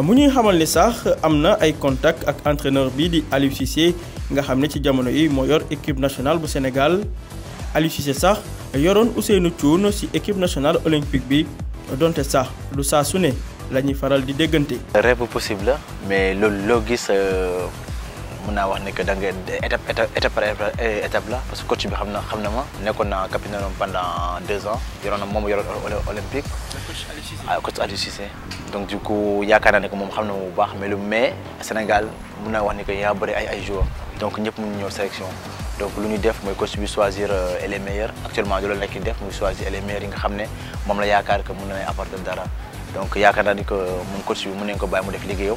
mu xamal ni sax am na ay contact ak entraîneur bi di Aliou Cissé nga xam ne ci jamono yi moo yor équipe nationale bu Sénégal Aliou Cissé sax yoroon Ousseynou Thioune ci équipe nationale olympique bi donte sax lu saa su ne la ñuy faral di déggante. rêve possible mais le loo gis. Euh, mën wax ne que da nga étape étape par étape eh, là parce que coach bi xamna xamna ma nekkoon naa capitaine pendant 2 ans yoroon na moom yoroon olympique ah, coach Aliou Cissé donc du coup yaakaar ne ko mom xamna bu baax mais le mais Sénégal muna wax ni que ya bari ay ay joueurs donc ñëpp mun ñëw sélection donc lu ñu def moy coach bi choisir euh, les meilleurs actuellement du la nekk def muy choisir les meilleurs yi nga xam mom la yaakaar que muna na apporter dara donc yaakaar naa ni que moom coach bi mën nañ ko bàyyi mu def liggéeyam